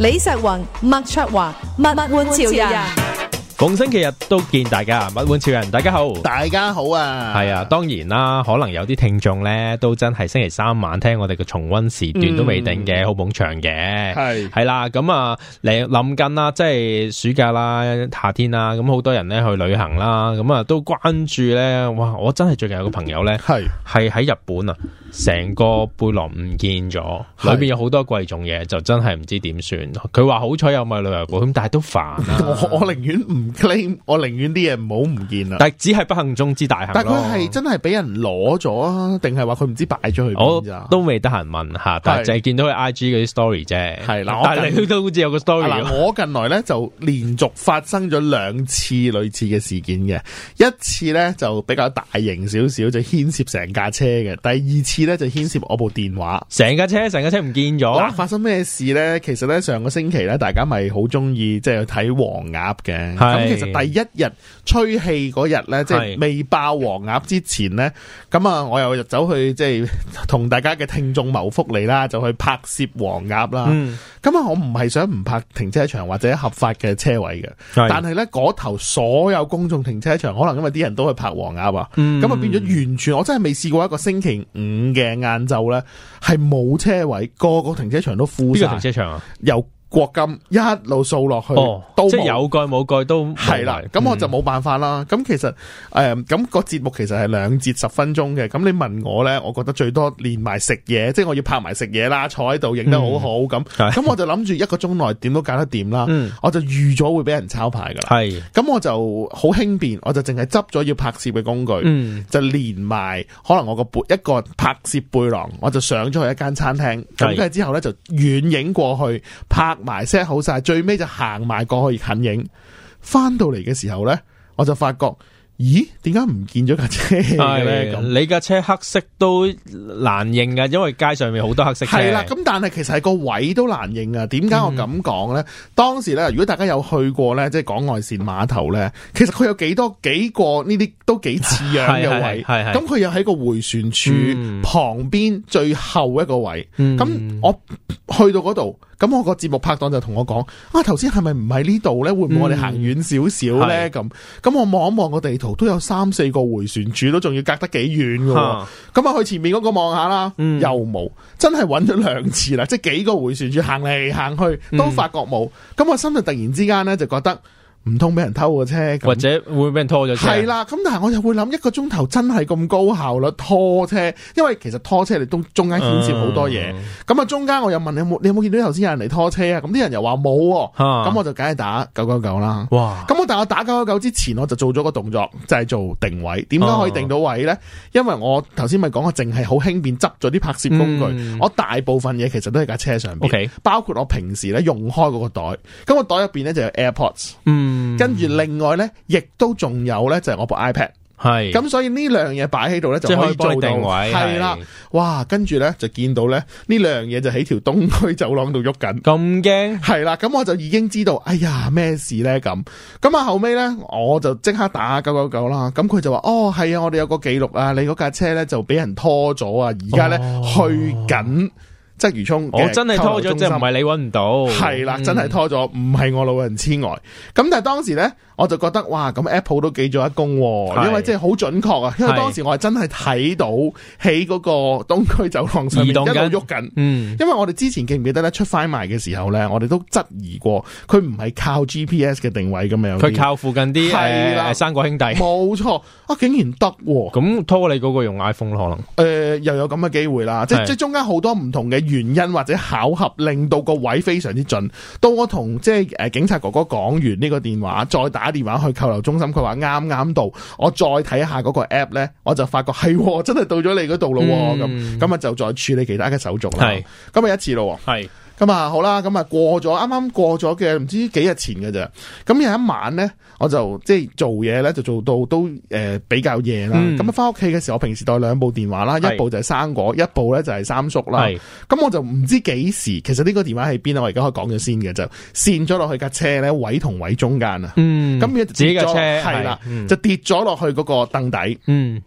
李石雲、麥卓華、麥麥換潮人，潮人逢星期日都見大家，麥換潮人，大家好，大家好啊，係啊，當然啦，可能有啲聽眾咧都真係星期三晚聽我哋嘅重温時段都未定嘅，嗯、好捧場嘅，係係是、啊啊、啦，咁啊，臨近啦，即係暑假啦、夏天啦，咁好多人咧去旅行啦，咁啊都關注咧，哇，我真係最近有個朋友咧，係係喺日本啊。成個背囊唔見咗，裏邊有好多貴重嘢，就真係唔知點算。佢話好彩有咪旅遊保，咁但係都煩。我我寧願唔 claim，我寧願啲嘢唔好唔見啦。但， laim, 不不但只係不幸中之大幸。但佢係真係俾人攞咗啊？定係話佢唔知擺咗去邊都未得閒問下，但係淨係見到佢 IG 嗰啲 story 啫。係係你近都好似有個 story。我近，我近來咧就連續發生咗兩次類似嘅事件嘅， 一次咧就比較大型少少，就牽涉成架車嘅。第二次。就牽涉我部電話，成架車成架車唔見咗。發生咩事呢？其實呢，上個星期呢，大家咪好鍾意即係睇黃鴨嘅。咁是其實第一日吹氣嗰日呢，即、就、係、是、未爆黃鴨之前呢，咁啊是我又走去即係、就是、同大家嘅聽眾謀福利啦，就去拍攝黃鴨啦。咁啊、嗯、我唔係想唔拍停車場或者合法嘅車位嘅，是但係呢，嗰頭所有公眾停車場，可能因為啲人都去拍黃鴨啊，咁啊、嗯、變咗完全我真係未試過一個星期五。嗯嘅晏晝咧，係冇車位，個個停車場都負晒。個停車場啊，又。國金一路掃落去，即係有句冇句都係啦。咁的、嗯、我就冇辦法啦。咁其實誒，咁、嗯咁個節目其實係兩節十分鐘嘅。咁你問我呢，我覺得最多連埋食嘢，即係我要拍埋食嘢啦，坐喺度影得好好咁。咁我就諗住一個鐘內點都搞得掂啦。嗯、我就預咗會俾人抄牌噶啦。係咁，我就好輕便，我就淨係執咗要拍攝嘅工具，嗯、就連埋可能我個背一個拍攝背囊，我就上咗去一間餐廳。咁佢之是的 後呢，就遠影過去拍。埋聲好晒，最尾就行埋過去近影，翻到嚟嘅時候咧，我就發覺，咦？點解唔見咗架車嘅咧？的樣你架車黑色都難認噶，因為街上面好多黑色。係啦，咁但係其實係個位都難認噶。點解我咁講咧？嗯、當時咧，如果大家有去過咧，即係港外線碼頭咧，其實佢有幾多幾個呢啲都幾似樣嘅位。係咁佢又喺個迴旋處旁邊最後一個位。咁、嗯、我去到嗰度。咁我個節目拍檔就同我講：啊，頭先係咪唔喺呢度呢？會唔會我哋行遠少少呢？咁咁、嗯、我望一望個地圖，都有三四個回旋處，都仲要隔得幾遠喎。咁啊哈，我去前面嗰個望下啦，又冇，嗯、真係揾咗兩次啦。即係幾個回旋處行嚟行去，都發覺冇。咁、嗯、我心就突然之間呢，就覺得。唔通俾人偷嘅車，或者會俾人拖咗車。係啦，咁但係我就會諗一個鐘頭真係咁高效率拖車？因為其實拖車你都中間牽涉好多嘢。咁啊、嗯，中間我又問，你有冇你有冇見到頭先有人嚟拖車啊？咁啲人又話冇，咁我就梗係打九九九啦。哇！咁我但我打九九九之前，我就做咗個動作，就係、是、做定位。點解可以定到位咧？嗯、因為我頭先咪講我淨係好輕便，執咗啲拍攝工具，嗯、我大部分嘢其實都喺架車上邊，okay 包括我平時咧用開嗰個袋。咁、那個袋入邊咧就有 AirPods，嗯。嗯、跟住，另外呢，亦都仲有呢，就係、是、我部 iPad，係是，咁所以呢兩樣嘢擺喺度呢，就可以定位，係啦了，是哇，跟住呢，就見到呢呢兩樣嘢就喺條東區走廊度喐緊，咁驚，係啦，咁我就已經知道，哎呀，咩事呢？咁，咁啊後尾呢我就即刻打九九九啦，咁佢就話，哦，係啊，我哋有個記錄啊，你嗰架車呢，就俾人拖咗啊，而家呢，去緊。哦即如沖，我真係拖咗，即係唔係你搵唔到，係啦，真係拖咗，唔係我老人痴呆。咁但係當時咧，我就覺得哇，咁 Apple 都記咗一功，因為即係好準確啊。因為當時我係真係睇到喺嗰個東區走廊上喺度喐緊，嗯，因為我哋之前記唔記得咧出翻賣嘅時候咧，我哋都質疑過佢唔係靠 GPS 嘅定位咁樣，佢靠附近啲係啦，三個兄弟，冇錯啊，竟然得咁拖你嗰個用 iPhone 咯，可能誒又有咁嘅機會啦，即即係中間好多唔同嘅。原因或者巧合，令到個位非常之準。到我同即係誒警察哥哥講完呢個電話，再打電話去扣留中心，佢話啱啱到，我再睇下嗰個 app 呢，我就發覺係、哎、真係到咗你嗰度咯。咁咁啊，就再處理其他嘅手續啦。咁啊是，一次咯。咁啊、嗯，好啦，咁、嗯、啊過咗，啱啱過咗嘅，唔知幾日前嘅咋。咁有一晚咧，我就即係做嘢咧，就做到都誒、呃、比較夜啦。咁返翻屋企嘅時候，我平時帶兩部電話啦，一部就係生果，是一部咧就係三叔啦。咁是、嗯、我就唔知幾時，其實呢個電話喺邊啊？我而家可以講咗先嘅就，跣咗落去架車咧，位同位中間啊。嗯，咁自己嘅車係啦，就跌咗落去嗰個凳底。嗯，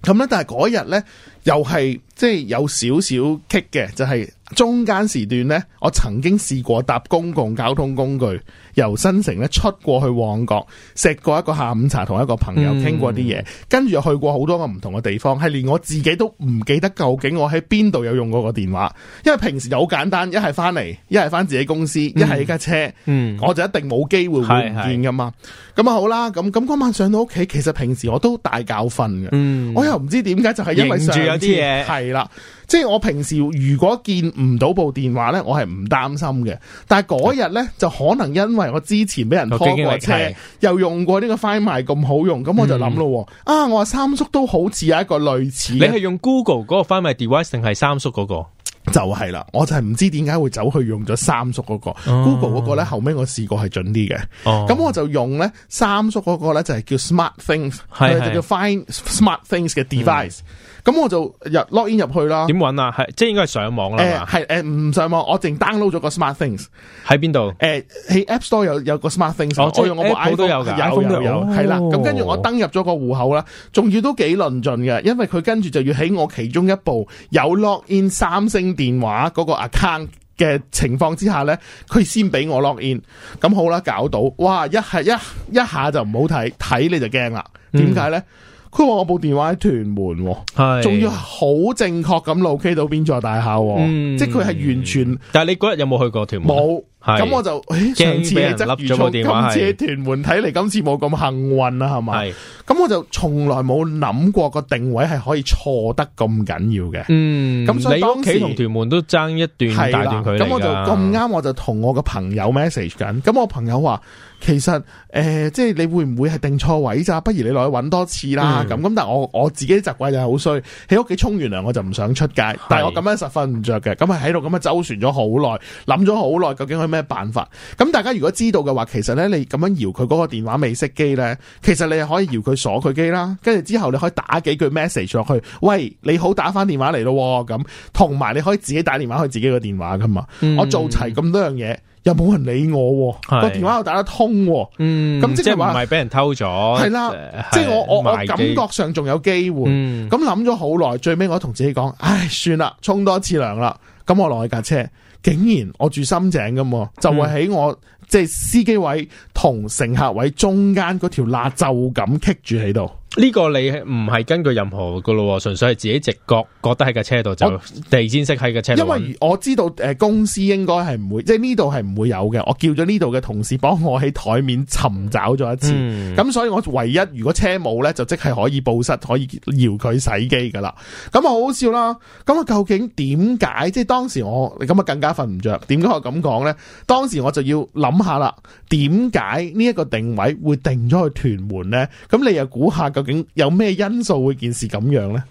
咁咧，但係嗰日咧，又係即係有少少棘嘅，就係、是。中間時段呢，我曾經試過搭公共交通工具，由新城咧出過去旺角，食過一個下午茶，同一個朋友傾、嗯、過啲嘢，跟住又去過好多個唔同嘅地方，係連我自己都唔記得究竟我喺邊度有用過個電話，因為平時又好簡單，一係翻嚟，一係翻自己公司，嗯、一係一架車，嗯，我就一定冇機會會見噶嘛。咁啊好啦，咁咁嗰晚上到屋企，其實平時我都大覺瞓嘅，嗯、我又唔知點解就係、是、因為上住有啲嘢，係啦。即係我平時如果見唔到部電話呢，我係唔擔心嘅。但係嗰日呢，就可能因為我之前俾人拖過車，又用過呢個 Find My 咁好用，咁我就諗咯。嗯、啊，我話三叔都好似有一個類似。你係用 Google 嗰個 Find My Device 定係三叔嗰個？就係啦，我就係唔知點解會走去用咗三叔嗰個 Google 嗰個咧，後尾我試過係準啲嘅，咁我就用咧三叔嗰個咧就係叫 SmartThings，就叫 Find SmartThings 嘅 device，咁我就入 log in 入去啦。點搵啊？係即係應該係上網啦嘛？係誒唔上網，我淨 download 咗個 SmartThings 喺邊度？誒喺 App Store 有有個 SmartThings，我用我部 iPhone 都有㗎。有有有係啦。咁跟住我登入咗個戶口啦，仲要都幾論盡嘅，因為佢跟住就要喺我其中一部有 log in 三星。電話嗰個 account 嘅情況之下咧，佢先俾我 login。咁好啦，搞到，哇！一係一下一下就唔好睇，睇你就驚啦。點解咧？佢話、嗯、我部電話喺屯門，係仲是要好正確咁路 K 到邊座大廈，嗯、即係佢係完全。但係你嗰日有冇去過屯門？咁我就上次執錯，今次屯門睇嚟，今次冇咁幸運啦，係咪？咁我就從來冇諗過個定位係可以錯得咁緊要嘅。嗯，咁你屋企同屯門都爭一段大段距離噶。咁我就咁啱，我就同我個朋友 message 緊。咁我朋友話：其實誒，即係你會唔會係定錯位咋？不如你落去揾多次啦。咁咁，但係我我自己習慣就係好衰，喺屋企沖完涼我就唔想出街。但係我咁樣實瞓唔着嘅，咁咪喺度咁樣周旋咗好耐，諗咗好耐，究竟去。咩辦法？咁大家如果知道嘅話，其實咧你咁樣搖佢嗰個電話未熄機咧，其實你可以搖佢鎖佢機啦。跟住之後你可以打幾句 message 落去，喂你好，打翻電話嚟咯咁。同埋你可以自己打電話去自己個電話噶嘛。嗯、我做齊咁多樣嘢，又冇人理我個是電話又打得通。嗯，咁即係話唔係俾人偷咗？係啦，是即係我機我感覺上仲有機會。咁諗咗好耐，最尾我同自己講，唉，算啦，沖多一次涼啦，咁我落去架車。竟然我住深井咁就會、是、喺我即係、就是、司機位同乘客位中間嗰條罅就咁棘住喺度。呢個你係唔係根據任何噶咯，純粹係自己直覺覺得喺架車度就地氈式喺架車度。因為我知道誒公司應該係唔會，即係呢度係唔會有嘅。我叫咗呢度嘅同事幫我喺台面尋找咗一次，咁、嗯、所以我唯一如果車冇呢，就即係可以報失，可以搖佢洗機噶啦。咁啊好笑啦，咁啊究竟點解？即係當時我咁啊更加瞓唔着。點解我咁講呢？當時我就要諗下啦，點解呢一個定位會定咗去屯門呢？咁你又估下個？究竟有咩因素會件事咁樣咧？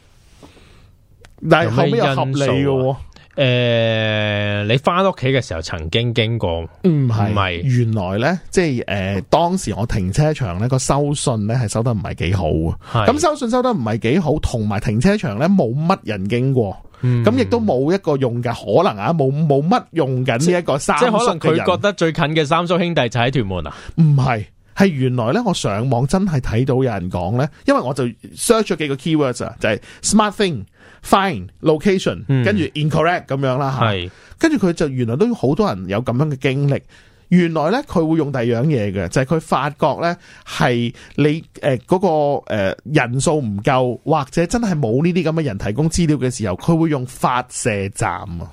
但係後尾又合理嘅、哦啊。誒、呃，你翻屋企嘅時候曾經經過，唔係、嗯、是原來咧，即係誒、呃，當時我停車場咧個收信咧係收得唔係幾好啊。咁是收信收得唔係幾好，同埋停車場咧冇乜人經過，咁亦都冇一個用嘅可能啊，冇冇乜用緊呢一個三叔嘅人。即係可能佢覺得最近嘅三叔兄弟就喺屯門啊？唔係、啊。係原來咧，我上網真係睇到有人講咧，因為我就 search 咗幾個 keywords 啊、嗯，就係 smart thing fine location，跟住 incorrect 咁樣啦係，跟住佢就原來都好多人有咁樣嘅經歷。原來咧，佢會用第二樣嘢嘅，就係、是、佢發覺咧係你誒嗰個誒人數唔夠，或者真係冇呢啲咁嘅人提供資料嘅時候，佢會用發射站啊。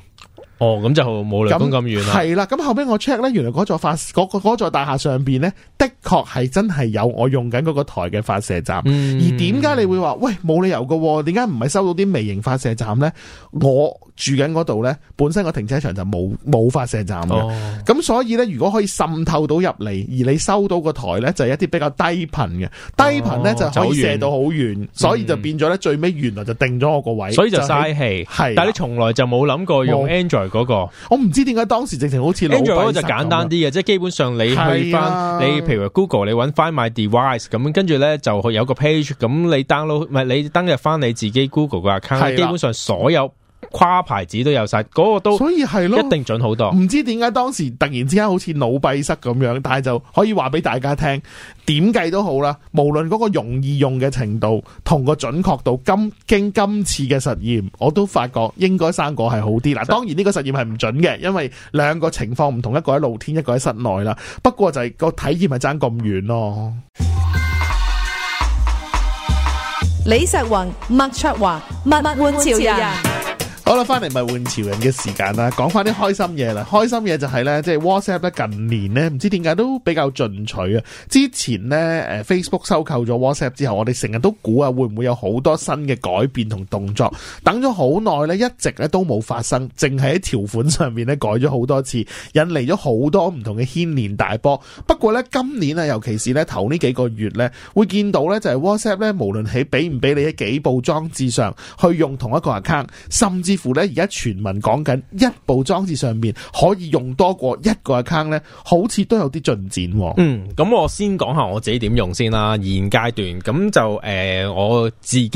哦，咁就冇理由咁遠啦。係啦、嗯，咁後尾我 check 咧，原來嗰座發嗰、嗰個嗰座大廈上邊咧，的確係真係有我用緊嗰個台嘅發射站。嗯、而點解你會話喂冇理由噶？點解唔係收到啲微型發射站咧？我，住緊嗰度咧，本身個停車場就冇冇發射站嘅，咁、哦、所以咧，如果可以滲透到入嚟，而你收到個台咧，就係一啲比較低頻嘅，低頻咧、哦、就可以射到好遠，嗯、所以就變咗咧，最尾原來就定咗我個位，所以就嘥氣。的但係你從來就冇諗過用 Android 嗰、那個，我唔知點解當時直情好似老闆。Android 嗰個就簡單啲嘅，即係的基本上你去翻你，譬如 Google，你搵 Find My Device 咁，跟住咧就去有個 page，咁你 download 唔係你登入翻你自己 Google 嘅 account，的基本上所有。跨牌子都有晒，嗰個都所以係咯，一定準好多。唔知點解當時突然之間好似腦閉塞咁樣，但係就可以話俾大家聽，點計都好啦。無論嗰個容易用嘅程度同個準確度，今經今次嘅實驗，我都發覺應該生果係好啲啦。的當然呢個實驗係唔準嘅，因為兩個情況唔同，一個喺露天，一個喺室內啦。不過就係個體驗係爭咁遠咯。李石雲、麥卓華、物、物玩潮人。好啦，翻嚟咪物玩潮人嘅時間啦，講翻啲開心嘢啦。開心嘢就係呢，即係 WhatsApp 咧近年呢，唔知點解都比較進取啊。之前呢誒 Facebook 收購咗 WhatsApp 之後，我哋成日都估啊，會唔會有好多新嘅改變同動作？等咗好耐呢，一直咧都冇發生，淨係喺條款上面咧改咗好多次，引嚟咗好多唔同嘅牽連大波。不過呢，今年啊，尤其是呢頭呢幾個月呢，會見到呢，就係 WhatsApp 呢，無論喺俾唔俾你喺幾部裝置上去用同一個 account，甚至。乎咧，而家傳聞講緊一部裝置上面可以用多過一個 account 咧，好似都有啲進展啊。嗯，咁我先講下我自己點用先啦。現階段咁就、呃、我自己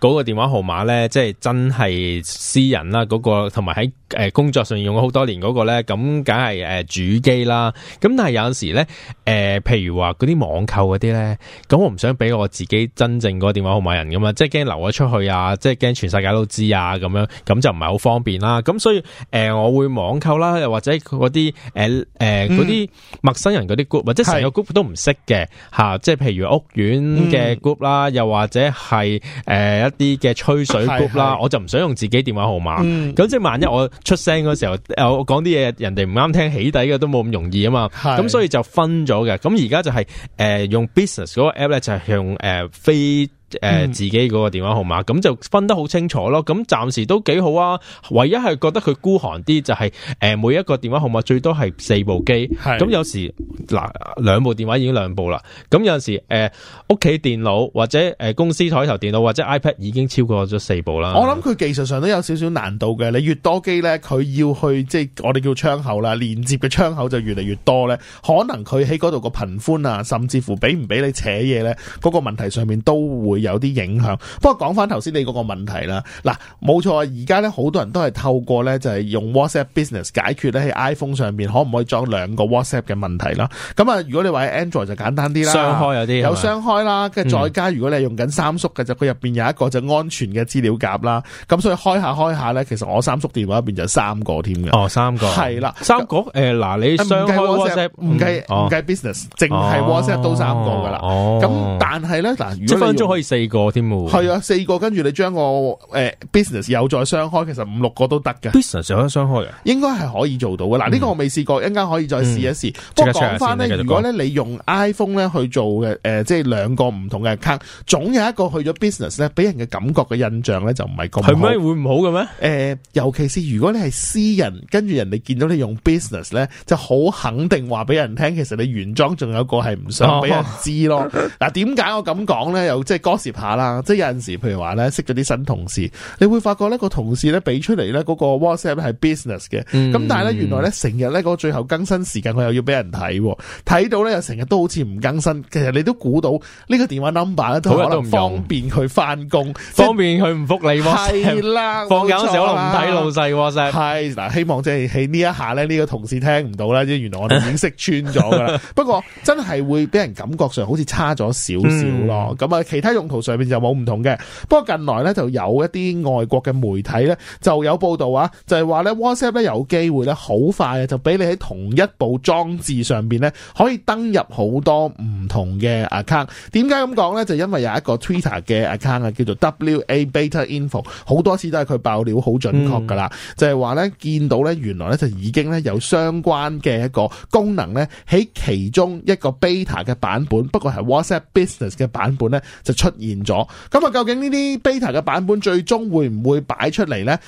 嗰個電話號碼咧，即係真係私人啦，嗰、嗰個同埋喺呃工作上用咗好多年嗰個咧，咁梗係呃主機啦。咁但係有陣時咧、呃，譬如話嗰啲網購嗰啲咧，咁我唔想俾我自己真正嗰個電話號碼人咁嘛，即係驚留咗出去啊，即係驚全世界都知啊咁樣咁。咁就唔係好方便啦，咁所以誒、呃、我會網購啦，又或者嗰啲誒誒嗰啲陌生人嗰啲 group、嗯、或者成個 group 都唔識嘅吓，即係是、啊、譬如屋苑嘅 group 啦、嗯，又或者係誒、呃、一啲嘅吹水 group 啦，我就唔想用自己電話號碼，咁、嗯、即係萬一我出聲嗰時候，嗯、我講啲嘢人哋唔啱聽起底嘅都冇咁容易啊嘛，咁是所以就分咗嘅，咁而家就係、是、誒、呃、用 business 嗰個 app 咧就係向誒飛。呃非誒，嗯、自己嗰個電話號碼，咁就分得好清楚咯。咁暫時都幾好啊。唯一係覺得佢孤寒啲，就係誒，每一個電話號碼最多係四部機。咁是有時嗱，兩部電話已經兩部啦。咁有陣時誒，呃、屋企電腦或者誒公司台頭電腦或者 iPad 已經超過咗四部啦。我諗佢技術上都有少少難度嘅。你越多機呢，佢要去即係我哋叫窗口啦，連接嘅窗口就越嚟越多呢。可能佢喺嗰度個頻寬啊，甚至乎俾唔俾你扯嘢呢，嗰、嗰個問題上面都會。會有啲影響，不過講翻頭先你嗰個問題啦。嗱，冇錯啊，而家咧好多人都係透過咧就係用 WhatsApp Business 解決咧喺 iPhone 上邊可唔可以裝兩個 WhatsApp 嘅問題啦。咁啊，如果你話 Android 就簡單啲啦，雙開有啲有雙開啦，跟住吧，再加如果你用緊三叔嘅就佢入邊有一個就安全嘅資料夾啦，咁所以開下開下咧，其實我三叔電話入邊就三個添嘅，哦，三個，係啦、哦，三個誒嗱了、呃、你雙開 WhatsApp 唔計唔計、嗯、Business，淨係、哦、WhatsApp 都三個噶啦，咁、哦、但係咧嗱，七分鐘可以。四個添喎，係啊，四個跟住你將個誒 business 有再雙開，其實五六個都得嘅。business 有得雙開嘅，應該係可以做到嘅。嗱、嗯，呢個我未試過，一陣間可以再試一試。嗯、不過講翻咧，回如果咧你用 iPhone 咧去做嘅誒，即係兩個唔同嘅卡，總有一個去咗 business 咧，俾人嘅感覺嘅印象咧就唔係咁好。係咪會唔好嘅咩？誒、呃，尤其是如果你係私人，跟住人哋見到你用 business 咧，就好肯定話俾人聽，其實你原裝仲有一個係唔想俾人知咯。嗱、哦，點解、呃、我咁講咧？又即係接下啦，即係有陣時，譬如話咧，識咗啲新同事，你會發覺呢個同事咧俾出嚟咧嗰個 WhatsApp 係 business 嘅，咁、嗯、但係咧原來咧成日咧嗰個最後更新時間佢又要俾人睇，睇到咧又成日都好似唔更新，其實你都估到呢個電話 number 咧都可能方便佢翻工，即方便佢唔復你喎，係的啦，放緊嘅時可能唔睇老細 WhatsApp，係嗱，希望即係喺呢一下咧呢個同事聽唔到啦，即原來我哋已經識穿咗啦， 不過真係會俾人感覺上好似差咗少少咯，咁啊、嗯、其他用。圖上面就冇唔同嘅，不過近來咧就有一啲外國嘅媒體咧就有報道啊，就係話咧 WhatsApp 咧有機會咧好快啊就俾你喺同一部裝置上邊咧可以登入好多唔同嘅 account。點解咁講咧？就因為有一個 Twitter 嘅 account 啊，叫做 WA Beta Info，好多次都係佢爆料好準確噶啦，嗯、就係話咧見到咧原來咧就已經咧有相關嘅一個功能咧喺其中一個 beta 嘅版本，不過係 WhatsApp Business 嘅版本咧就出現咗咁啊？究竟呢啲 beta 嘅版本最終會唔會擺出嚟咧？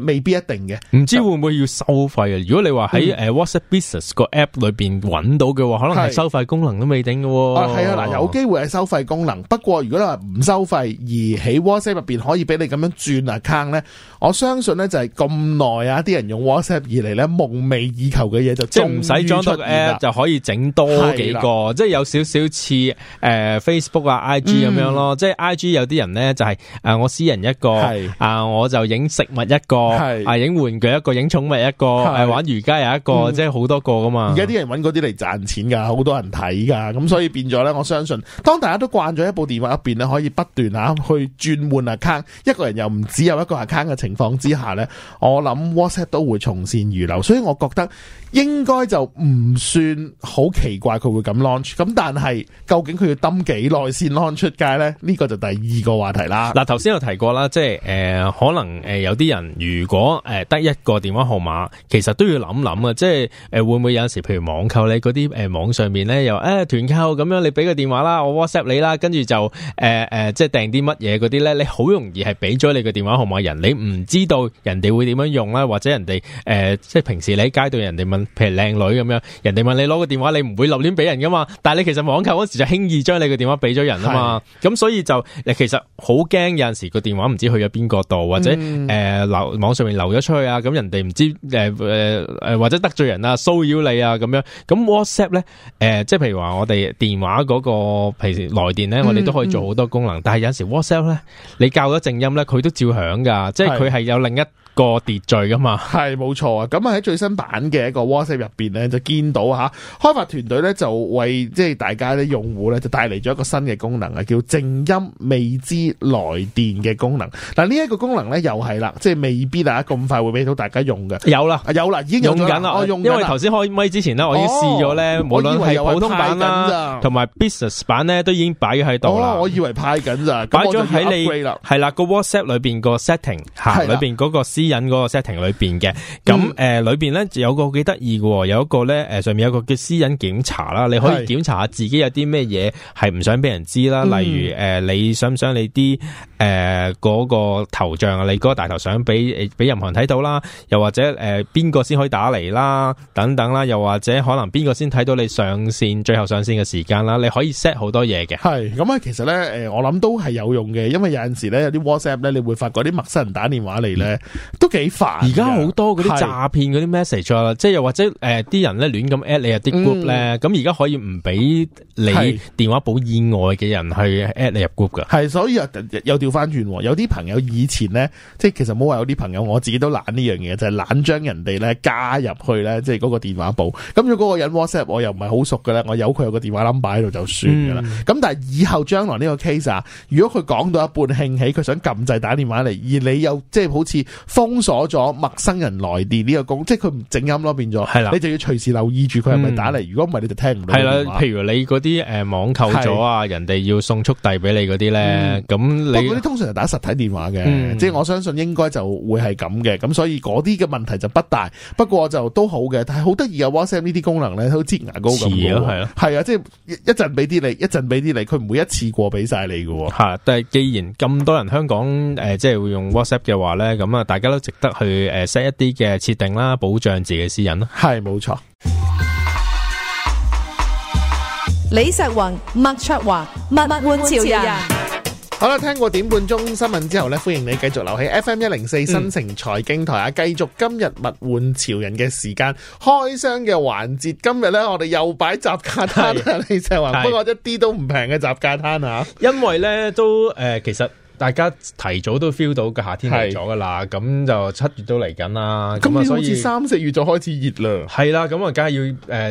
未必一定嘅，唔知會唔會要收費啊？嗯、如果你話喺誒 WhatsApp Business 個 app 裏邊揾到嘅話，可能係收費功能都未定嘅，哦。係啊，嗱，有機會係收費功能。不過如果話唔收費而喺 WhatsApp 入邊可以俾你咁樣轉啊 account 咧，我相信咧就係咁耐啊！啲人用 WhatsApp 而嚟咧夢寐以求嘅嘢就即係唔使裝多 app 就可以整多幾個，是的 即係有少少似誒，呃、Facebook 啊、IG 咁樣咯。哦，即係 I G 有啲人咧，就係誒我私人一個，啊我就影食物一個，啊影玩具一個，影寵物一個，誒玩瑜伽又一個，即係好多個噶嘛。而家啲人搵嗰啲嚟賺錢噶，好多人睇噶，咁所以變咗咧。我相信，當大家都慣咗一部電話入邊咧，可以不斷啊去轉換 account，一個人又唔只有一個 account 嘅情況之下咧，我諗 WhatsApp 都會從善如流，所以我覺得應該就唔算好奇怪佢會咁 launch。咁但係究竟佢要等幾耐先 launch 出街咧？呢個就第二個話題啦、啊。嗱，頭先有提過啦，即係誒、呃，可能誒、呃、有啲人如果誒得、呃、一個電話號碼，其實都要諗諗啊。即係誒、呃，會唔會有時，譬如網購咧，啲誒、呃、網上面咧又誒、哎、團購咁樣，你俾個電話啦，我 WhatsApp 你啦，跟住就誒誒、呃呃，即係訂啲乜嘢嗰啲咧，你好容易係俾咗你個電話號碼人，你唔知道人哋會點樣用啦，或者人哋誒、呃、即係平時你喺街度人哋問，譬如靚女咁樣，人哋問你攞個電話，你唔會留戀俾人噶嘛，但係你其實網購嗰時就輕易將你個電話俾咗人啊嘛，咁的所所以就誒，其實好驚有陣時個電話唔知去咗邊個度，或者誒留、嗯呃、網上面流咗出去啊，咁人哋唔知誒誒誒，或者得罪人啊，騷擾你啊咁樣。咁 WhatsApp 咧，誒、呃，即係譬如話我哋電話嗰個平時來電咧，我哋都可以做好多功能。嗯嗯、但係有陣時 WhatsApp 咧，你校咗靜音咧，佢都照響噶，即係佢係有另一，個秩序㗎嘛，係冇錯啊！咁啊喺最新版嘅一個 WhatsApp 入邊咧，就見到吓，開發團隊咧就為即係大家啲用戶咧就帶嚟咗一個新嘅功能啊，叫靜音未知來電嘅功能。嗱呢一個功能咧又係啦，即係未必大家咁快會俾到大家用嘅了、啊。有啦，有啦，已經用緊啦，哦、我用緊啦。因為頭先開咪之前咧，我已經試咗咧，哦、無論論係普通版啦、啊，同埋、啊、Business 版咧都已經擺喺度啦。我以為派緊咋，擺咗喺你係啦個 WhatsApp 裏邊個 setting，係的裏邊嗰個 C。私隱嗰個 setting 裏邊嘅，咁誒、呃、裏邊咧就有個幾得意嘅，有一個咧誒上面有個叫私隱檢查啦，你可以檢查下自己有啲咩嘢係唔想俾人知啦，例如誒、呃、你想唔想你啲誒嗰個頭像啊，你嗰個大頭像俾俾任何人睇到啦，又或者誒邊個先可以打嚟啦，等等啦，又或者可能邊個先睇到你上線最後上線嘅時間啦，你可以 set 好多嘢嘅，係咁啊，其實咧誒我諗都係有用嘅，因為有陣時咧有啲 WhatsApp 咧你會發覺啲陌生人打電話嚟咧。嗯都幾煩，而家好多嗰啲詐騙嗰啲 message 啊，即係又或者誒，啲、呃、人咧亂咁 at 你入啲 group 咧，咁而家可以唔俾你電話簿以外嘅人去 at 你入 group 噶。係，所以又又調翻轉，有啲朋友以前咧，即係其實冇話有啲朋友，我自己都懶呢樣嘢，就係懶將人哋咧加入去咧，即係嗰個電話簿。咁如果嗰個人 WhatsApp 我又唔係好熟嘅咧，我有佢有個電話 number 喺度就算噶啦。咁、嗯、但係以後將來呢個 case 啊，如果佢講到一半興起，佢想撳掣打電話嚟，而你又即係好似封鎖咗陌生人來電呢個功能，即係佢唔整音咯，變咗係啦。你就要隨時留意住佢係咪打嚟，如果唔係你就聽唔到。係啦、嗯，譬如你嗰啲誒網購咗啊，的人哋要送速遞俾你嗰啲咧，咁、嗯、你嗰啲通常係打實體電話嘅，嗯、即係我相信應該就會係咁嘅，咁所以嗰啲嘅問題就不大。不過就都好嘅，但係好得意啊 WhatsApp 呢啲功能咧，好似牙膏咁嘅。係啊，係啊，即係一陣俾啲你，一陣俾啲你，佢唔會一次過俾晒你嘅。吓，但係既然咁多人香港誒、呃、即係會用 WhatsApp 嘅話咧，咁啊，大家值得去誒 set 一啲嘅設定啦，保障自己私隱啦。係冇錯。李石宏、麥卓華、物玩潮人。好啦，聽過點半鐘新聞之後咧，歡迎你繼續留喺 FM 一零四新城財經台啊，繼續今日物玩潮人嘅時間開箱嘅環節。今日咧，我哋又擺雜架攤啦。李石宏，不過一啲都唔平嘅雜架攤啊，因為咧都誒，其實。大家提早都 feel 到個夏天嚟咗噶啦，咁是就七月都嚟緊啦。咁所以三四月就開始熱啦。係啦，咁啊，梗係要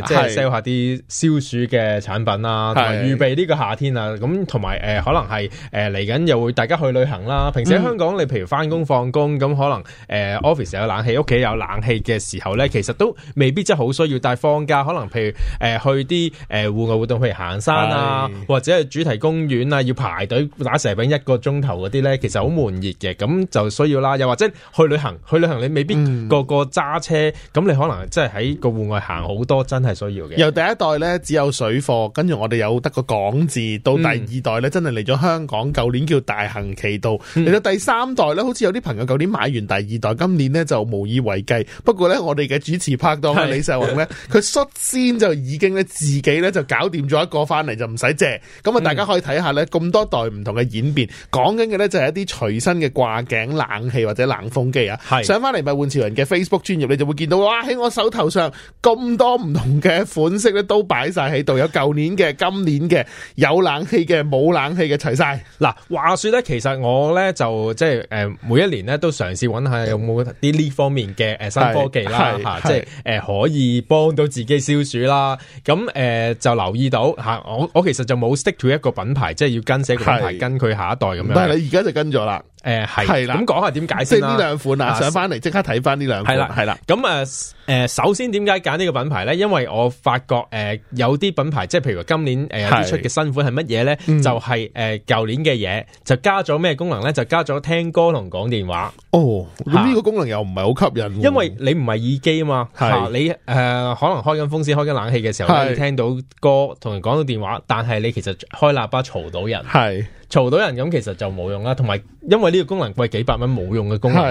誒即係 sell 下啲消暑嘅產品啦，同埋預的備呢個夏天啊。咁同埋誒可能係誒嚟緊又會大家去旅行啦。平時喺香港，嗯、你譬如翻工放工，咁可能誒 office、呃、有冷氣屋企有冷氣嘅時候咧，其實都未必真係好需要帶。放假可能譬如誒、呃、去啲誒戶外活動譬如行山啊，的或者係主題公園啊，要排隊打蛇餅一個鐘頭。嗰啲呢，其實好悶熱嘅，咁就需要啦。又或者去旅行，去旅行你未必個個揸車，咁、嗯、你可能即係喺個戶外行好多，真係需要嘅。由第一代呢，只有水貨，跟住我哋有得個港字，到第二代呢，嗯、真係嚟咗香港。舊年叫大行其道，嚟、嗯、到第三代呢，好似有啲朋友舊年買完第二代，今年呢就無以為繼。不過呢，我哋嘅主持拍檔李世榮呢，佢是 率先就已經呢，自己呢就搞掂咗一個翻嚟，就唔使借。咁啊，大家可以睇下呢，咁、嗯、多代唔同嘅演變，講緊。嘅咧就係一啲隨身嘅掛頸冷氣或者冷風機啊，是上翻嚟物玩潮人嘅 Facebook 專頁，你就會見到哇，喺我手頭上咁多唔同嘅款式咧都擺晒喺度，有舊年嘅、今年嘅，有冷氣嘅、冇冷氣嘅，齊晒。嗱是，話說咧，其實我咧就即係誒，每一年咧都嘗試揾下有冇啲呢方面嘅誒新科技啦吓，即係誒、呃、可以幫到自己消暑啦。咁誒、呃、就留意到吓、啊，我我其實就冇 stick to 一個品牌，即係要跟死個品牌，跟佢下一代咁樣。是而家就跟咗啦。誒係，咁講下點解先即係呢兩款啊，上翻嚟即刻睇翻呢兩款。係啦，係啦。咁啊，誒、呃，首先點解揀呢個品牌咧？因為我發覺誒、呃，有啲品牌，即係譬如今年誒，呃、出嘅新款係乜嘢咧？的就係、是、誒，舊、呃、年嘅嘢就加咗咩功能咧？就加咗聽歌同講電話。哦，咁呢個功能又唔係好吸引。因為你唔係耳機啊嘛，的啊你誒、呃，可能開緊風扇、開緊冷氣嘅時候，的你聽到歌同人講到電話，但係你其實開喇叭嘈到人，係嘈的到人，咁其實就冇用啦。同埋因為呢個功能貴，幾百蚊冇用嘅功能。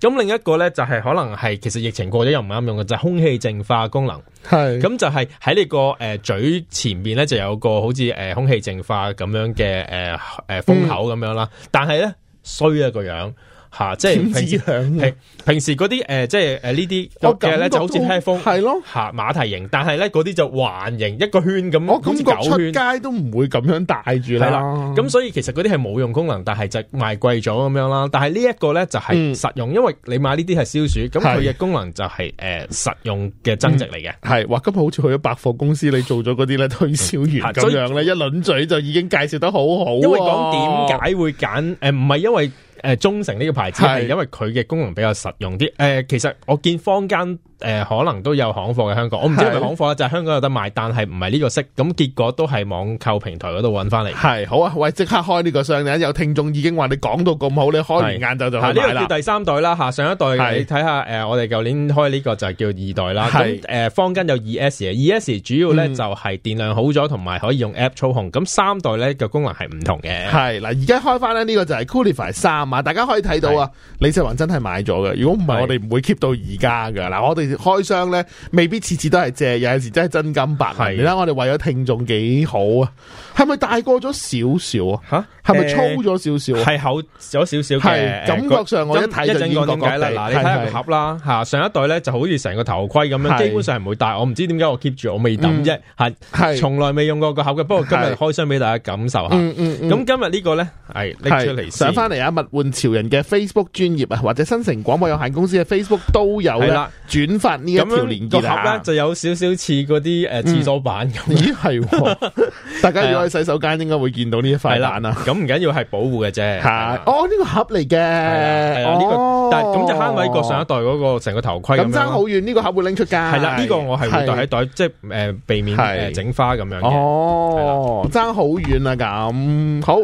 咁的另一個咧就係可能係其實疫情過咗又唔啱用嘅，就係、是、空氣淨化功能。係咁的就係喺你個誒嘴前面咧就有個好似誒空氣淨化咁樣嘅誒誒風口咁樣啦，是的但係咧衰啊個樣。吓，即係平平平時嗰啲誒，即係誒呢啲嘅咧，就好似 headphone 係咯吓馬蹄型。但係咧嗰啲就環形一個圈咁，我感覺出街都唔會咁樣戴住啦。咁所以其實嗰啲係冇用功能，但係就賣貴咗咁樣啦。但係呢一個咧就係實用，因為你買呢啲係消暑，咁佢嘅功能就係誒實用嘅增值嚟嘅。係，哇！今日好似去咗百貨公司，你做咗嗰啲咧推銷員咁樣咧，一輪嘴，就已經介紹得好好。因為講點解會揀誒？唔係因為。誒，忠誠呢個牌子係是因為佢嘅功能比較實用啲。誒、呃，其實我見坊間。誒、呃，可能都有行貨嘅香港，我唔知係咪行貨啦，就係、是、香港有得賣，但係唔係呢個色，咁結果都係網購平台嗰度搵翻嚟。係好啊，喂，即刻開呢個箱啦！有聽眾已經話你講到咁好，你開完晏晝就到啦。呢、啊這個叫第三代啦，吓上一代是你睇下，誒、呃，我哋舊年開呢個就係叫二代啦。咁誒是，坊間、呃、有 2S，2S 主要咧就係電量好咗，同埋、嗯、可以用 app 操控。咁三代咧嘅功能係唔同嘅。係嗱，而家開翻呢、這個就係 Coolify 三啊，大家可以睇到啊，李世宏真係買咗嘅。如果唔係，我哋唔會 keep 到而家嘅。嗱，我哋。開箱咧，未必次次都係借，有有時真係真金白銀。你睇下，我哋為咗聽眾幾好啊？係咪大過咗少少啊？吓，係咪粗咗少少啊？係厚咗少少係，感覺上我一睇就呢個啦。嗱，你睇下個盒啦，吓，上一代咧就好似成個頭盔咁樣，基本上唔會戴。我唔知點解我 keep 住我未抌啫，係係從來未用過個盒嘅。不過今日開箱俾大家感受下，咁今日呢個咧係拎出嚟，上翻嚟啊！物玩潮人嘅 Facebook 專頁啊，或者新城廣播有限公司嘅 Facebook 都有啦，轉。發呢一條連接盒咧，就有少少似嗰啲誒廁所板咁。咦，係，大家如果去洗手間，應該會見到呢一塊板啊。咁唔緊要，係保護嘅啫。係，哦，呢個盒嚟嘅。哦，但咁就慳位過上一代嗰個成個頭盔咁爭好遠。呢個盒會拎出街。係啦，呢個我係會袋喺袋，即係誒避免整花咁樣。哦，爭好遠啊！咁好。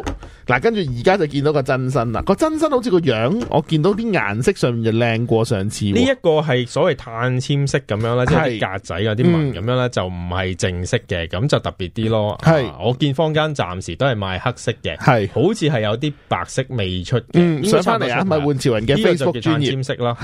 嗱，跟住而家就見到個真身啦！個真身好似個樣，我見到啲顏色上面就靚過上次。呢一個係所謂碳纖色咁樣啦，是即係格仔嗰啲紋咁樣咧，就唔係正色嘅，咁、嗯、就特別啲咯是、啊。我見坊間暫時都係賣黑色嘅，是好似係有啲白色未出嘅。嗯，上翻嚟啊，咪換潮人嘅非 a c e 色 o 啦，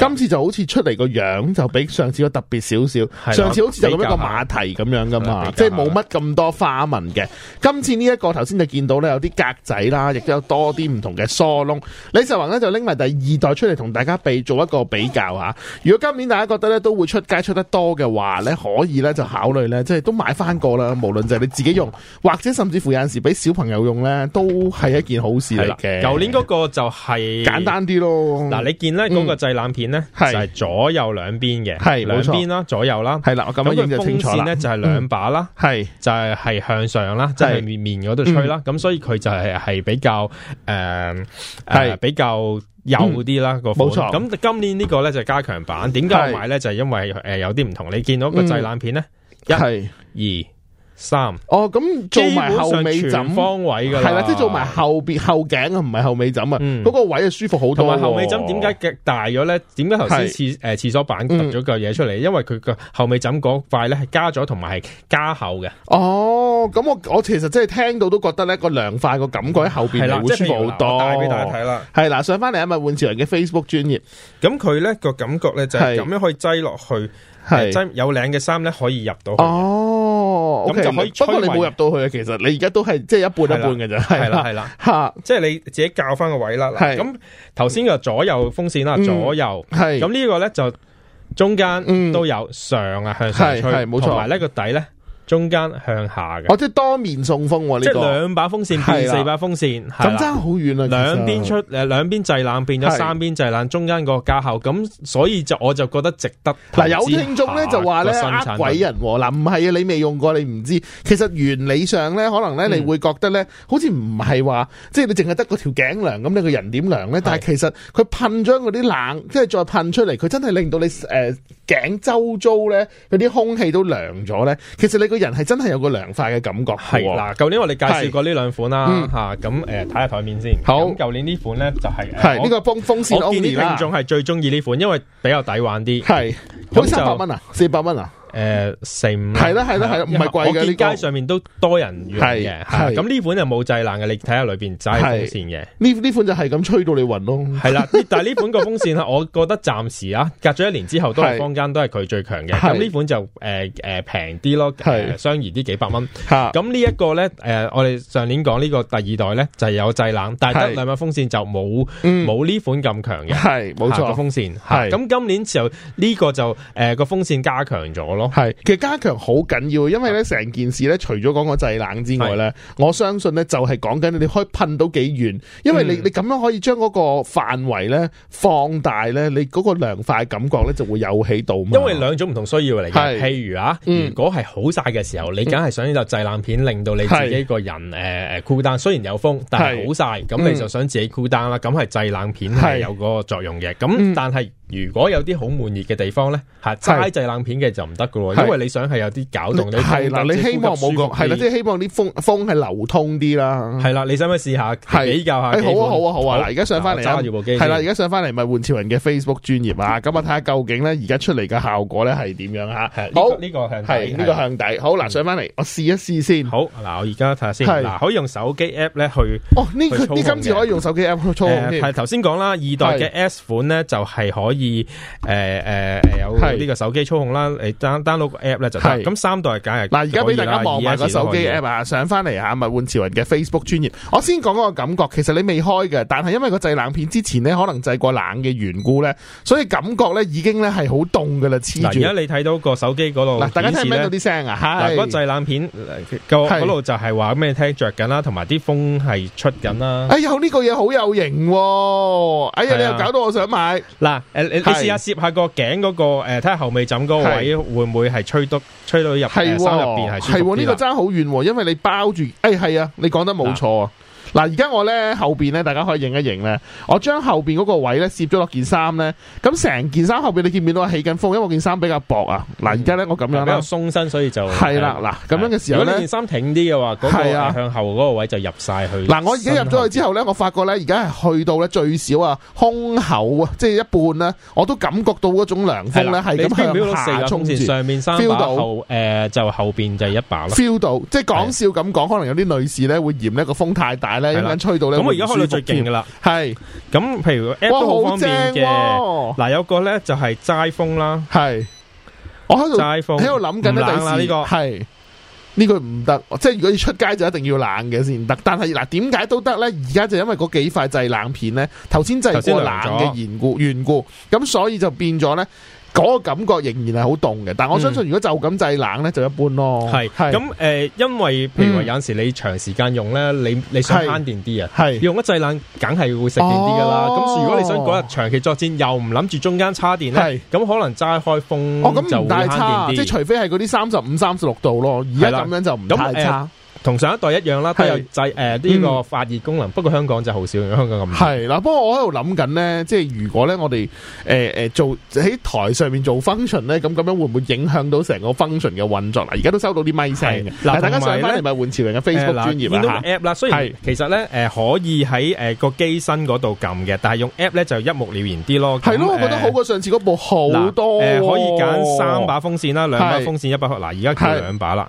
今次就好似出嚟，個樣就比上次個特別少少，的上次好似就咁一個馬蹄咁樣噶嘛，即係冇乜咁多花紋嘅。今次呢、這、一個頭先就見到呢，有啲格仔啦，亦都有多啲唔同嘅疏窿。嗯、李世宏呢就拎埋第二代出嚟同大家比做一個比較吓。如果今年大家覺得呢都會出街出得多嘅話呢，可以呢就考慮呢，即係都買翻個啦。無論就係你自己用，或者甚至乎有陣時俾小朋友用呢，都係一件好事嚟嘅。舊年嗰個就係、是、簡單啲咯。嗱，你見咧、那個片咧係左右兩邊嘅，係兩邊啦，左右啦，係啦。咁個風扇咧就係兩把啦，係就係係向上啦，即係面面嗰度吹啦。咁所以佢就係係比較誒係比較幼啲啦個款。咁今年呢個咧就係加強版，點解我買咧就係因為誒有啲唔同。你見到個制冷片咧，一係二。三哦，咁做埋後尾枕方位噶，係啦，即係做埋後邊後頸啊，唔、就、係、是後，後，啊、後尾枕啊，嗰、嗯、個位啊，舒服好多。同埋後尾枕點解夾大咗咧？點解頭先廁誒廁所板凸咗個嘢出嚟？嗯、因為佢個後尾枕嗰塊咧係加咗同埋係加厚嘅。哦，咁我我其實真係聽到都覺得咧個涼快個感覺喺後邊係啦，即係即係。帶俾大家睇啦，係啦，上翻嚟阿麥換潮人嘅 Facebook 專頁，咁佢咧個感覺咧就係咁樣可以擠落去。係真有領嘅衫咧，可以入到去。哦，咁就可以吹。不過你冇入到去啊，其實你而家都係即係一半一半嘅咋。係啦，係啦，吓，即係你自己較翻個位啦。係咁頭先嘅左右風扇啦，左右，係咁呢個咧就中間都有上啊，向上吹，係冇錯。同埋呢個底咧。中間向下嘅，哦，即係多面送風、啊，呢、這個兩把風扇變四把風扇，咁差好遠啊！兩邊出誒，兩邊製冷變咗三邊製冷，的中間個加厚，咁所以就我就覺得值得。嗱，有聽眾咧就話咧呃鬼人和，嗱唔係啊，你未用過你唔知。其實原理上咧，可能咧你會覺得咧，嗯、好似唔係話，即係你淨係得個條頸涼咁，你個人點涼咧？的但係其實佢噴咗嗰啲冷，即係再噴出嚟，佢真係令到你誒頸、呃、周遭咧嗰啲空氣都涼咗咧。其實你人係真係有個涼快嘅感覺、啊，係嗱，舊年我哋介紹過呢兩款啦，吓咁誒睇下台面先。好，舊年款呢款咧就係係呢個風扇、哦、我見聽眾係最中意呢款，因為比較抵玩啲。係的，好似三百蚊啊，四百蚊啊。誒，四五係啦係啦係啦，唔係貴嘅。街上面都多人用嘅，咁呢款就冇製冷嘅，你睇下裏邊係風扇嘅。呢呢款就係咁吹到你暈咯。係啦，但係呢款個風扇，我覺得暫時啊，隔咗一年之後都係坊間都係佢最強嘅。咁呢款就誒誒平啲咯，係相宜啲幾百蚊。咁呢一個咧，誒我哋上年講呢個第二代咧就係有製冷，但係得兩個風扇就冇冇呢款咁強嘅。係冇錯，風扇咁今年就呢個就誒個風扇加強咗咯。係，其實加強好緊要，因為咧成件事咧，除咗講個制冷之外咧，是我相信咧就係講緊你，可以噴到幾遠，因為你你咁樣可以將嗰個範圍咧放大咧，你嗰個涼快嘅感覺咧就會有起到。因為兩種唔同需要嚟嘅。是譬如啊，如果係好曬嘅時候，你梗係想呢度製冷片令到你自己一個人誒誒 cool down，雖然有風，但係好曬，咁是你就想自己 cool down 啦，咁係是、呃、製冷片係有嗰個作用嘅。咁是但係。如果有啲好悶熱嘅地方咧，係齋製冷片嘅就唔得噶喎，因為你想係有啲搞動，你係啦，你希望冇咁係啦，即係希望啲風風係流通啲啦。係啦，你想唔想試下比較下？誒，好啊，好啊，好啊！嗱，而家上翻嚟揸住部機，係啦，而家上翻嚟咪換潮人嘅 Facebook 專頁啊！咁啊，睇下究竟咧而家出嚟嘅效果咧係點樣吓？好，呢個係呢個向底。好嗱，上翻嚟我試一試先。好嗱，我而家睇下先。係可以用手機 app 咧去哦，呢呢今次可以用手機 app 去操作。係頭先講啦，二代嘅 S 款咧就係可以。以誒誒有呢個手機操控啦，你 download 個 app 咧就係咁三代假係嗱，而家俾大家望埋個手機 app 啊，上翻嚟吓，麥換潮人嘅 Facebook 專頁。我先講個感覺，其實你未開嘅，但係因為個製冷片之前呢，可能製過冷嘅緣故咧，所以感覺咧已經咧係好凍噶啦。黐住，而家你睇到個手機嗰度，大家聽唔聽到啲聲啊？嗱，嗰製冷片嗰度就係話咩聽着緊啦，同埋啲風係出緊啦。哎呀，呢個嘢好有型，哎呀，你又搞到我想買嗱。你試下攝下、個頸嗰個誒，睇下後尾枕嗰位會唔會係吹到吹到入去入邊係？係呢的、呃呢個爭好遠，因為你包住。誒、哎，係啊，你講得冇錯啊。嗱，而家我咧後面咧，大家可以認一認咧。我將後面嗰個位咧攝咗落件衫咧。咁成件衫後面你見唔見到我起緊風？因為件衫比較薄啊。嗱，而家咧我咁樣咧，比較鬆身，所以就係啦。嗱，咁樣嘅時候呢，件衫挺啲嘅話，嗰、嗰個向後嗰個位就入晒去。嗱，我而家入咗去之後咧，我發覺咧，而家係去到咧最少啊，胸口啊，即係一半咧，我都感覺到嗰種涼風咧，係咁啦這向下衝上面三把後，後呃、就後面就係一把咯。feel 到，即係講笑咁講，對可能有啲女士咧會嫌呢個風太大咁樣吹到咧，咁我而家開到最勁噶啦，係咁是，譬如 app 都好方便嘅，嗱、啊啊，有個咧就係齋風啦，係是風我喺度齋風喺度諗緊咧，第時係呢、這個唔得、這個，即係如果要出街就一定要冷嘅先得，但係嗱，點、啊、解都得咧？而家就因為嗰幾塊就係冷片咧，頭先就係個冷嘅緣故緣故，咁所以就變咗咧。嗰個感覺仍然係好凍嘅，但我相信如果就咁製冷呢，就一般咯、嗯。係咁誒，因為譬如話有陣時你長時間用呢、嗯，你你想慳電啲啊。係是是 用得制冷，梗係會食電啲噶啦。咁、哦、如果你想嗰日長期作戰，又唔諗住中間叉電呢，咁是是 可能齋開,開風、哦、就唔帶差啲。即係除非係嗰啲三十五、三十六度咯。而家咁樣就唔太差。同上一代一樣啦，都有製誒呢個發熱功能。不過香港就好少，香港咁。係啦，不過我喺度諗緊咧，即係如果咧我哋誒做喺台上面做 function 咧，咁咁樣會唔會影響到成個 function 嘅運作啦？而家都收到啲咪聲嘅。嗱，大家上返嚟咪換潮人嘅 Facebook 專頁 app 啦。所以其實咧誒可以喺誒個機身嗰度撳嘅，但係用 app 咧就一目了然啲咯。係咯，我覺得好過上次嗰部好多。誒可以揀三把風扇啦，兩把風扇，一把，嗱而家佢兩把啦。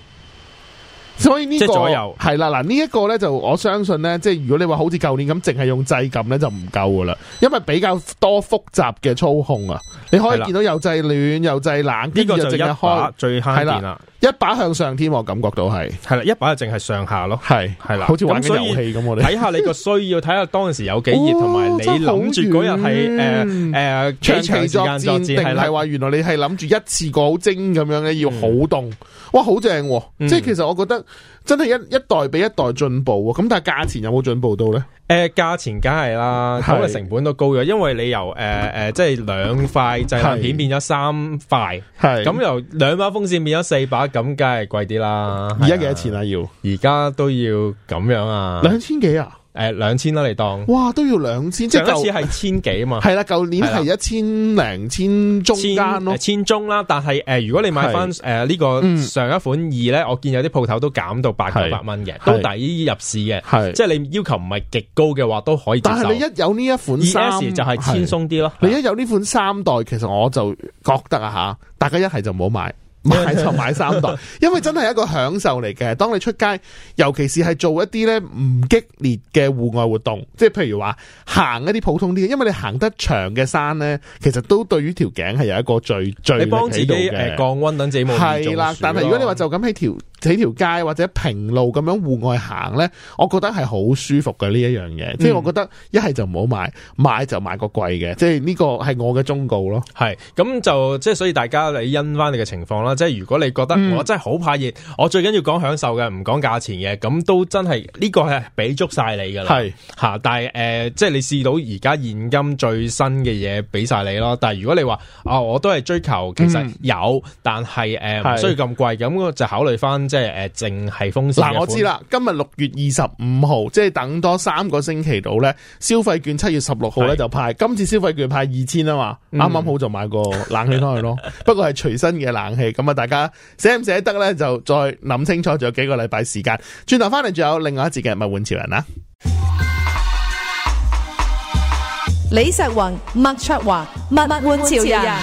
所以呢個係啦，嗱呢一個咧就我相信咧，即係如果你話好似舊年咁，淨係用掣撳咧就唔夠噶啦，因為比較多複雜嘅操控啊。你可以見到又製暖又製冷，呢個就係開最慳電啦，一把向上天，我感覺到係係啦，一把就淨係上下咯，係係啦。好似玩遊戲咁，我哋睇下你個需要，睇下當時有幾熱，同埋你諗住嗰日係誒誒長期時戰定係話原來你係諗住一次過好蒸咁樣咧，要好凍哇，好正！即係其實我覺得。真係一一代比一代進步咁，但係價錢有冇進步到呢？誒，價、呃、錢梗係啦，咁嘅成本都高咗是因為你由誒誒，即係兩塊製冷片變咗三塊，係咁是由兩把風扇變咗四把，咁梗係貴啲啦。而家幾多錢啊？要？而家都要咁樣啊？兩千幾啊？誒，兩千啦，你當哇，都要兩千,千，即係舊次係千幾嘛？係啦，舊年係一千零千中間咯，千中啦。但係誒、呃，如果你買翻誒呢個上一款二咧、嗯，我見有啲鋪頭都減到八九百蚊嘅，是都抵入市嘅。係是即係你要求唔係極高嘅話，都可以。但係你一有呢一款三就係輕鬆啲咯。是是你一有呢款三代，其實我就覺得啊吓，大家一係就唔好買。買就買三代，因為真係一個享受嚟嘅。當你出街，尤其是係做一啲咧唔激烈嘅戶外活動，即係譬如話行一啲普通啲，因為你行得長嘅山咧，其實都對於條頸係有一個最最你幫自己誒降溫等自己係啦。但係如果你話就咁喺條。喺條街或者平路咁樣戶外行呢，我覺得係好舒服嘅呢一樣嘢。即係、嗯、我覺得一係就唔好買，買就買個貴嘅。即係呢個係我嘅忠告咯。係咁就即係所以大家你因翻你嘅情況啦。即係如果你覺得我真係好怕熱，嗯、我最緊要講享受嘅，唔講價錢嘅，咁都真係呢、呢個係俾足晒你㗎啦。係是 但係、呃、即係你試到而家現今最新嘅嘢俾晒你咯。但係如果你話啊、呃，我都係追求其實有，嗯、但係唔、呃、需要咁貴咁，就考慮翻。即係誒，淨係封。嗱、啊，我知啦。今日六月二十五號，即係等多三個星期到呢，消費券七月十六號呢，就派。是的 今次消費券派二千啊嘛，啱啱、嗯、好就買個冷氣翻去咯。 不過係隨身嘅冷氣。咁啊，大家捨唔捨得呢？就再諗清楚。仲有幾個禮拜時間，轉頭翻嚟仲有另外一節嘅《物玩潮人》啊。李石雲、麥卓華、《物玩潮人》。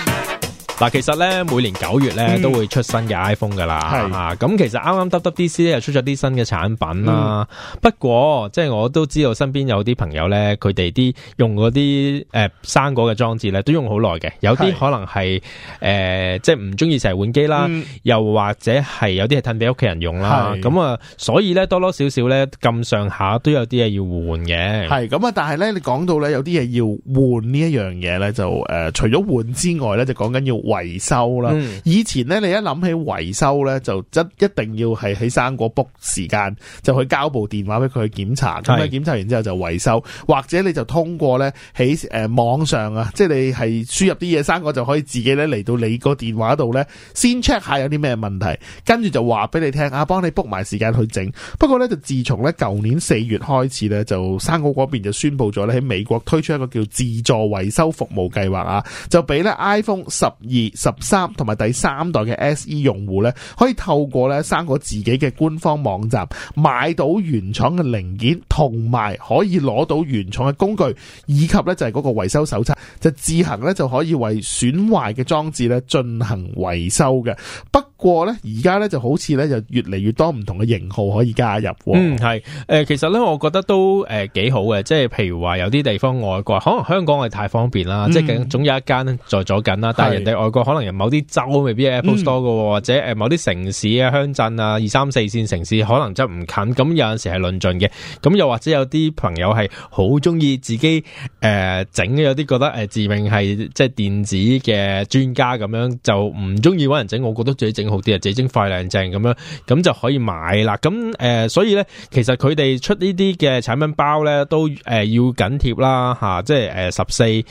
嗱，其實咧，每年九月咧都會出新嘅 iPhone 噶啦，咁、嗯啊、其實啱啱 WWDC 又出咗啲新嘅產品啦。嗯、不過即係我都知道身邊有啲朋友咧，佢哋啲用嗰啲誒生果嘅裝置咧，都用好耐嘅。有啲可能係誒是、呃、即係唔中意成日換機啦，嗯、又或者係有啲係褪俾屋企人用啦。咁是啊，所以咧多多少少咧咁上下都有啲嘢要換嘅。係咁啊，但係咧你講到咧有啲嘢要換呢一樣嘢咧，就誒、呃、除咗換之外咧，就講緊要。維修啦，以前咧你一諗起維修咧，就一一定要係喺生果 book 時間就去交部電話俾佢去檢查，咁咧檢查完之後就維修，或者你就通過咧喺誒網上啊，即係你係輸入啲嘢，生果就可以自己咧嚟到你個電話度咧，先 check 下有啲咩問題，跟住就話俾你聽啊幫你 book 埋時間去整。不過咧，就自從咧舊年四月開始咧，就生果嗰邊就宣布咗咧喺美國推出一個叫自助維修服務計劃啊，就俾咧 iPhone 十二。十三同埋第三代嘅 SE 用戶咧，可以透過咧生個自己嘅官方網站，買到原廠嘅零件，同埋可以攞到原廠嘅工具，以及咧就係嗰個維修手冊，就自行咧就可以為損壞嘅裝置咧進行維修嘅。不過咧而家咧就好似咧就越嚟越多唔同嘅型號可以加入。嗯，係誒、呃，其實咧我覺得都誒幾、呃、好嘅，即係譬如話有啲地方外國，可能香港係太方便啦，嗯、即係總有一間喺左近啦，是但係人哋外。個可能有某啲州未必 Apple Store 嘅，嗯、或者誒某啲城市啊、鄉鎮啊、二三四線城市可能就唔近，咁有陣時係論盡嘅。咁又或者有啲朋友係好中意自己誒整、呃，有啲覺得誒自、呃、命係即係電子嘅專家咁樣，就唔中意搵人整。我覺得自己整好啲啊，自己整快靚正咁樣，咁就可以買啦。咁誒、呃，所以咧，其實佢哋出呢啲嘅產品包咧，都誒、呃、要緊貼啦吓、啊，即係誒十四。呃 14,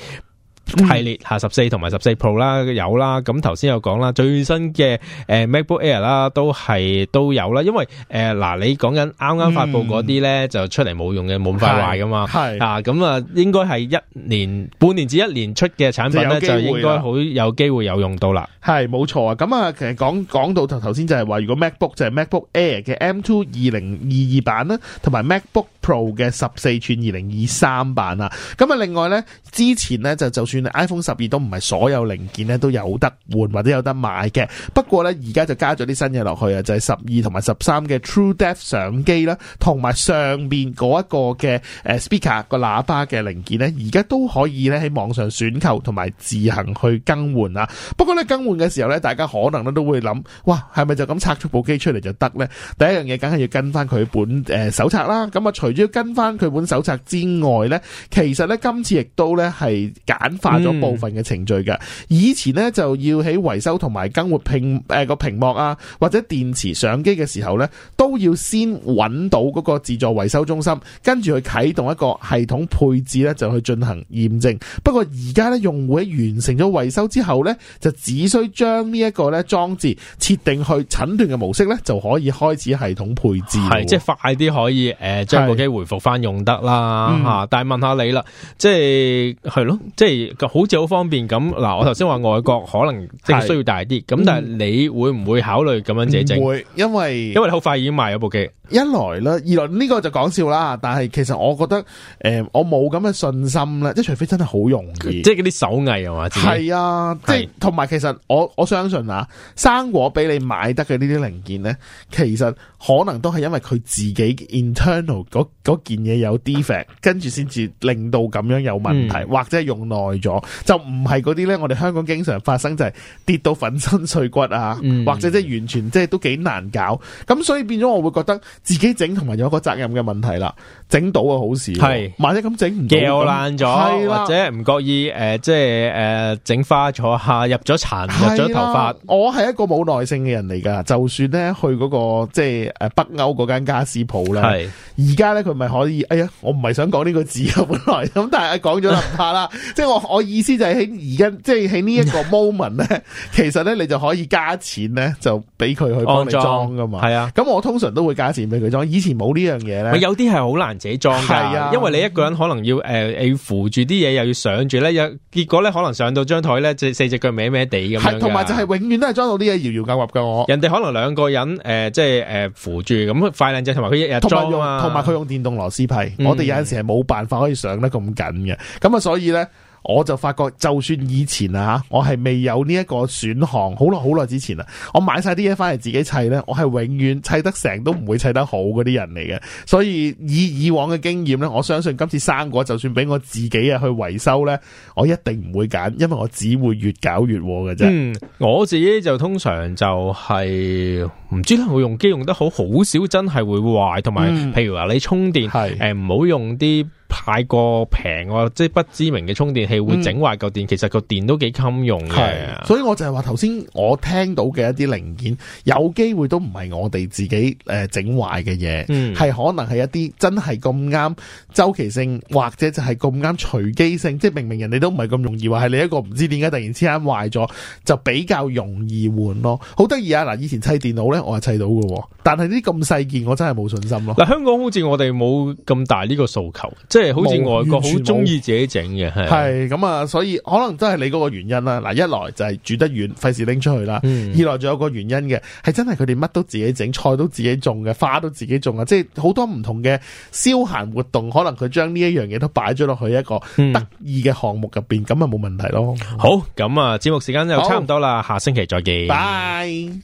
嗯、系列下十四同埋十四 Pro 啦，有啦。咁頭先有講啦，最新嘅誒、呃、MacBook Air 啦，都係都有啦。因為誒嗱、呃，你講緊啱啱發布嗰啲咧，嗯、就出嚟冇用嘅，冇咁快壞噶嘛。係啊，咁啊，應該係一年半年至一年出嘅產品咧，就，就應該好有機會有用到啦。係，冇錯啊。咁啊，其實講講到頭頭先就係話，如果 MacBook 就係 MacBook Air 嘅 M2 二零二二版啦，同埋 MacBook Pro 嘅十四寸二零二三版啦。咁啊，另外咧，之前咧就就算。iPhone 十二都唔係所有零件咧都有得換或者有得買嘅，不過咧而家就加咗啲新嘢落去啊，就係十二同埋十三嘅 TrueDepth 相機啦，同埋上面嗰一個嘅誒 speaker 個喇叭嘅零件咧，而家都可以咧喺網上選購同埋自行去更換啊。不過咧更換嘅時候咧，大家可能咧都會諗，哇，係咪就咁拆出部機出嚟就得咧？第一樣嘢梗係要跟翻佢本誒、呃、手冊啦。咁啊，除咗跟翻佢本手冊之外咧，其實咧今次亦都咧係揀。化咗、嗯、部分嘅程序嘅，以前咧就要喺維修同埋更換屏、誒個、呃、屏幕啊或者電池、相機嘅時候咧，都要先揾到嗰個自助維修中心，跟住去啟動一個系統配置咧，就去進行驗證。不過而家咧，用戶喺完成咗維修之後咧，就只需將呢一個咧裝置設定去診斷嘅模式咧，就可以開始系統配置。即係快啲可以誒將部機回復翻用得啦吓。但係問下你啦，即係係咯，即係。就好似好方便咁，嗱，我頭先話外國可能即係需要大啲，咁是但係你會唔會考慮咁樣借證？會，因為因為你好快已經賣咗部機。一來啦，二來呢，呢個就講笑啦。但係其實我覺得，誒、呃，我冇咁嘅信心啦，即除非真係好容易，即係嗰啲手藝啊嘛。係啊，是即係同埋其實我我相信啊，生果俾你買得嘅呢啲零件咧，其實可能都係因為佢自己 internal 嗰嗰件嘢有 defect，跟住先至令到咁樣有問題，嗯、或者用耐咗就唔係嗰啲咧。我哋香港經常發生就係跌到粉身碎骨啊，嗯、或者即係完全即係都幾難搞。咁所以變咗我會覺得。自己整同埋有一個責任嘅問題啦，整到嘅好事係，是或者咁整唔掂爛咗，係樣或者唔覺意誒，即係誒整花咗下，入咗殘，的入咗頭髮。我係一個冇耐性嘅人嚟噶，就算咧去嗰、嗰個即係誒北歐嗰間家私鋪係而家咧佢咪可以？哎呀，我唔係想講呢個字啊，本來咁，但係講咗啦唔怕啦。 即係我我意思就係喺而家，即係喺呢一個 moment 咧， 其實咧你就可以加錢咧，就俾佢去幫你裝噶嘛。係啊，咁我通常都會加錢。俾佢裝，以前冇呢樣嘢咧。有啲係好難自己裝噶，啊、因為你一個人可能要誒，你、呃、扶住啲嘢，又要上住咧，有結果咧，可能上到張台咧，即四隻腳歪歪地咁樣。係，同埋就係永遠都係裝到啲嘢搖搖夾夾嘅我。人哋可能兩個人誒，即係誒扶住咁快靚仔，同埋佢一日裝啊，同埋佢用電動螺絲批。嗯、我哋有陣時係冇辦法可以上得咁緊嘅，咁啊所以咧。我就發覺，就算以前啊，我係未有呢一個選項，好耐好耐之前啊，我買晒啲嘢翻嚟自己砌呢，我係永遠砌得成都唔會砌得好嗰啲人嚟嘅。所以以以往嘅經驗呢，我相信今次生果就算俾我自己啊去維修呢，我一定唔會揀，因為我只會越搞越禍嘅啫。嗯，我自己就通常就係、是、唔知啦，我用機用得好好少真，真係會壞。同埋、嗯，譬如話你充電，係唔好用啲。太過平喎，即係不知名嘅充電器會整壞個電，嗯、其實個電都幾襟用嘅。所以我就係話頭先，我聽到嘅一啲零件，有機會都唔係我哋自己誒整壞嘅嘢，係、呃嗯、可能係一啲真係咁啱周期性，或者就係咁啱隨機性，即係明明人哋都唔係咁容易話係你一個唔知點解突然之間壞咗，就比較容易換咯。好得意啊！嗱，以前砌電腦呢，我係砌到嘅，但係啲咁細件，我真係冇信心咯。嗱，香港好似我哋冇咁大呢個訴求。即係好似外國好中意自己整嘅係係咁啊，所以可能真係你嗰個原因啦。嗱，一來就係住得遠，費事拎出去啦；嗯、二來仲有個原因嘅，係真係佢哋乜都自己整，菜都自己種嘅，花都自己種啊，即係好多唔同嘅消閒活動，可能佢將呢一樣嘢都擺咗落去一個得意嘅項目入邊，咁啊冇問題咯。好，咁啊節目時間就差唔多啦，好下星期再見，拜 Bye。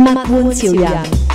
物玩潮人。